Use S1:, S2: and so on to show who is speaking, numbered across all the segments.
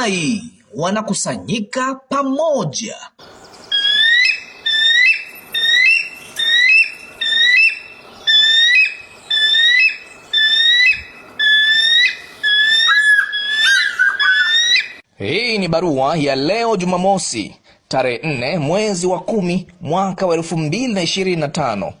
S1: hai wanakusanyika pamoja. Hii ni barua ya leo Jumamosi, tarehe 4 mwezi wa kumi mwaka wa tano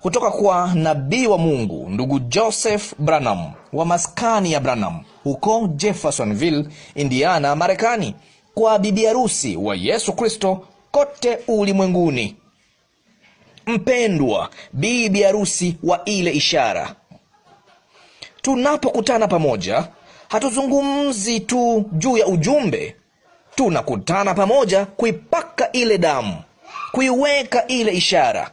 S1: kutoka kwa nabii wa Mungu ndugu Joseph Branham wa maskani ya Branham huko Jeffersonville, Indiana, Marekani, kwa bibi harusi wa Yesu Kristo kote ulimwenguni. Mpendwa bibi harusi wa ile ishara, tunapokutana pamoja, hatuzungumzi tu juu ya ujumbe. Tunakutana pamoja kuipaka ile damu, kuiweka ile ishara,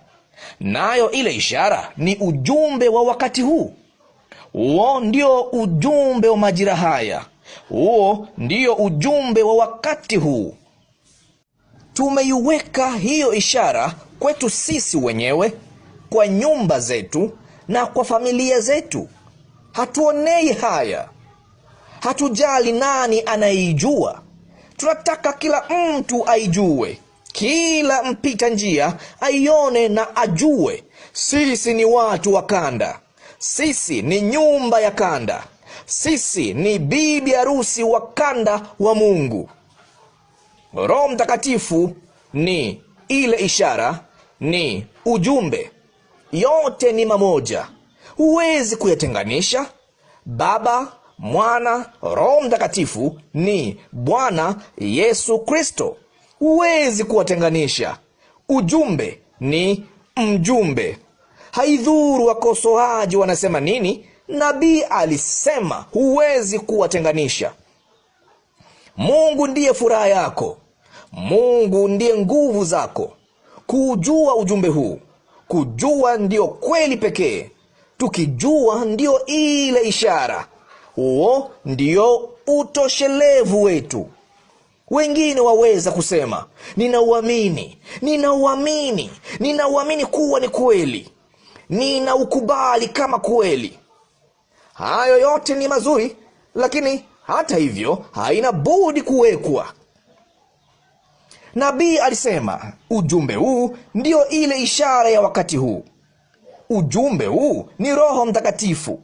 S1: nayo ile ishara ni ujumbe wa wakati huu. Huo ndio ujumbe wa majira haya, huo ndio ujumbe wa wakati huu. Tumeiweka hiyo ishara kwetu sisi wenyewe, kwa nyumba zetu na kwa familia zetu. Hatuonei haya, hatujali nani anayeijua Tunataka kila mtu aijue, kila mpita njia aione na ajue, sisi ni watu wa kanda sisi ni nyumba ya kanda, sisi ni bibi harusi wa kanda wa Mungu. Roho Mtakatifu ni ile ishara, ni ujumbe, yote ni mamoja, huwezi kuyatenganisha. Baba, Mwana, Roho Mtakatifu ni Bwana Yesu Kristo, huwezi kuwatenganisha. Ujumbe ni mjumbe haidhuru wakosoaji wanasema nini. Nabii alisema huwezi kuwatenganisha. Mungu ndiye furaha yako, Mungu ndiye nguvu zako. Kujua ujumbe huu, kujua ndiyo kweli pekee. Tukijua ndiyo ile ishara, huo ndiyo utoshelevu wetu. Wengine waweza kusema ninauamini, ninauamini, ninauamini kuwa ni kweli, nina ukubali kama kweli. Hayo yote ni mazuri, lakini hata hivyo haina budi kuwekwa. Nabii alisema ujumbe huu ndiyo ile ishara ya wakati huu. Ujumbe huu ni Roho Mtakatifu.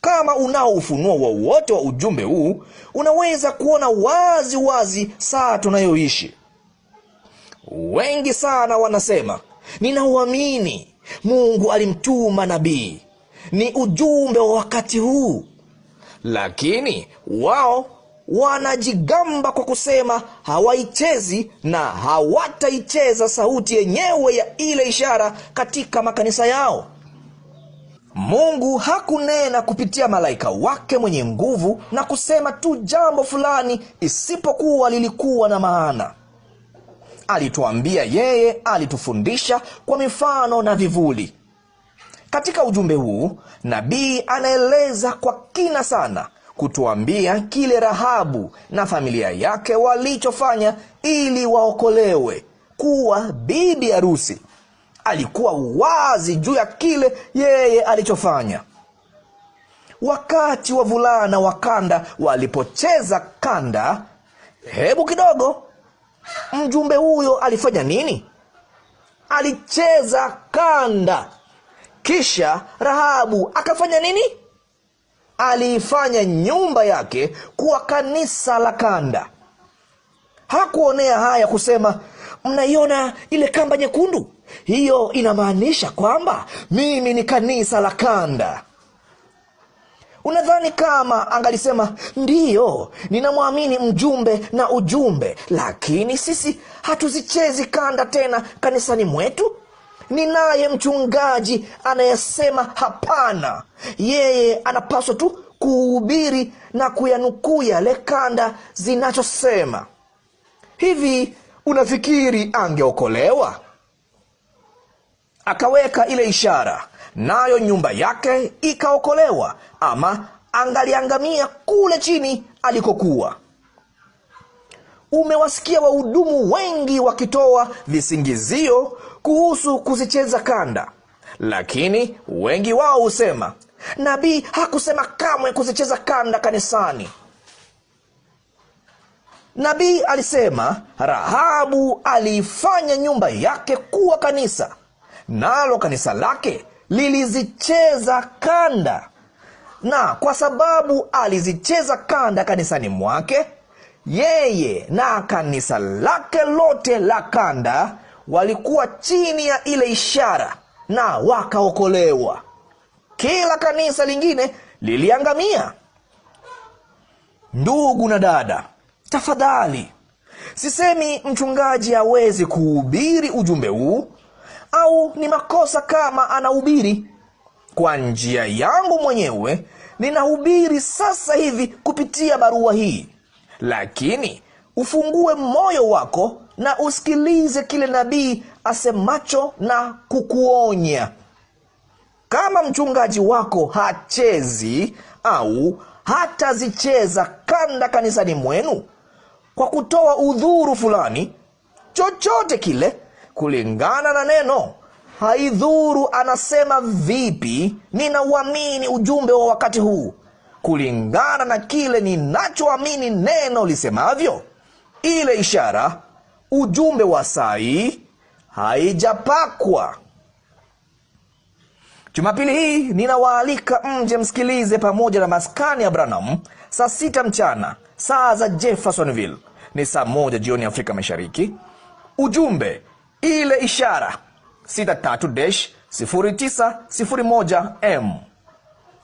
S1: Kama unao ufunuo wowote wa ujumbe huu, unaweza kuona wazi wazi saa tunayoishi. Wengi sana wanasema ninauamini, Mungu alimtuma nabii, ni ujumbe wa wakati huu, lakini wao wanajigamba kwa kusema hawaichezi na hawataicheza sauti yenyewe ya ile ishara katika makanisa yao. Mungu hakunena kupitia malaika wake mwenye nguvu na kusema tu jambo fulani, isipokuwa lilikuwa na maana alituambia yeye alitufundisha kwa mifano na vivuli. Katika ujumbe huu nabii anaeleza kwa kina sana kutuambia kile Rahabu na familia yake walichofanya ili waokolewe. Kuwa bibi harusi, alikuwa wazi juu ya kile yeye alichofanya. Wakati wavulana wa kanda walipocheza kanda, hebu kidogo Mjumbe huyo alifanya nini? Alicheza kanda. Kisha Rahabu akafanya nini? Aliifanya nyumba yake kuwa kanisa la kanda. Hakuonea haya kusema, mnaiona ile kamba nyekundu? Hiyo inamaanisha kwamba mimi ni kanisa la kanda. Unadhani kama angalisema ndiyo, ninamwamini mjumbe na ujumbe, lakini sisi hatuzichezi kanda tena kanisani mwetu? Ninaye mchungaji anayesema hapana, yeye anapaswa tu kuhubiri na kuyanukuu yale kanda zinachosema. Hivi unafikiri angeokolewa? akaweka ile ishara, nayo nyumba yake ikaokolewa, ama angaliangamia kule chini alikokuwa. Umewasikia wahudumu wengi wakitoa visingizio kuhusu kuzicheza kanda, lakini wengi wao husema nabii hakusema kamwe kuzicheza kanda kanisani. Nabii alisema Rahabu aliifanya nyumba yake kuwa kanisa nalo kanisa lake lilizicheza kanda, na kwa sababu alizicheza kanda kanisani mwake, yeye na kanisa lake lote la kanda walikuwa chini ya ile ishara na wakaokolewa. Kila kanisa lingine liliangamia. Ndugu na dada, tafadhali, sisemi mchungaji hawezi kuhubiri ujumbe huu au ni makosa kama anahubiri kwa njia yangu mwenyewe. Ninahubiri sasa hivi kupitia barua hii, lakini ufungue moyo wako na usikilize kile nabii asemacho na kukuonya. Kama mchungaji wako hachezi au hatazicheza kanda kanisani mwenu kwa kutoa udhuru fulani, chochote kile kulingana na neno. Haidhuru anasema vipi, ninauamini ujumbe wa wakati huu kulingana na kile ninachoamini neno lisemavyo. Ile ishara, ujumbe wa sai haijapakwa. Jumapili hii ninawaalika mje msikilize pamoja na maskani ya Branham saa sita mchana saa za Jeffersonville, ni saa moja jioni Afrika Mashariki. Ujumbe ile ishara 63-0901M.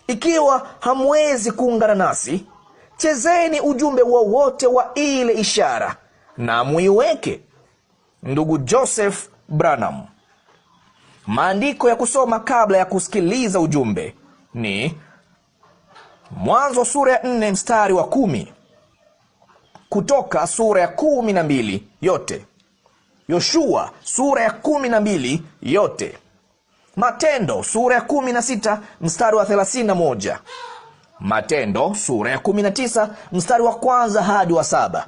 S1: Ikiwa hamwezi kuungana nasi, chezeni ujumbe wowote wa, wa ile ishara na muiweke. Ndugu Joseph Branham. Maandiko ya kusoma kabla ya kusikiliza ujumbe ni Mwanzo sura ya nne mstari wa kumi, Kutoka sura ya kumi na mbili yote Yoshua sura ya kumi na mbili yote. Matendo sura ya kumi na sita mstari wa thelathini na moja. Matendo sura ya kumi na tisa mstari wa kwanza hadi wa saba.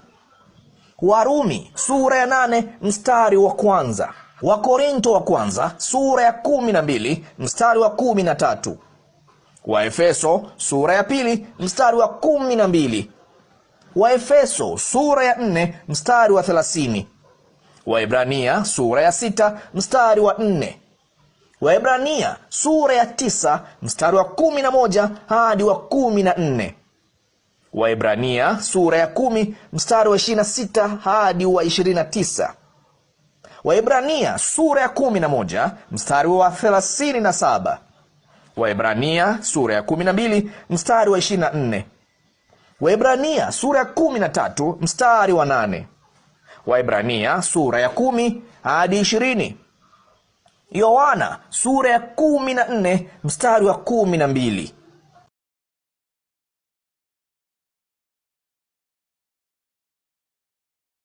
S1: Warumi sura ya nane mstari wa kwanza. Wakorinto wa kwanza sura ya kumi na mbili mstari wa kumi na tatu. Waefeso sura ya pili mstari wa kumi na mbili. Waefeso sura ya nne mstari wa thelathini. Waebrania sura ya sita mstari wa nne Waebrania sura ya tisa mstari wa kumi na moja hadi wa kumi na nne Waebrania sura ya kumi mstari wa ishirini na sita hadi wa ishirini na tisa Waebrania sura ya kumi na moja mstari wa thelathini na saba Waebrania sura ya kumi na mbili mstari wa ishirini na nne Waebrania sura ya kumi na tatu mstari wa nane Waibrania sura ya kumi hadi ishirini. Yohana sura ya kumi na nne mstari wa kumi na mbili.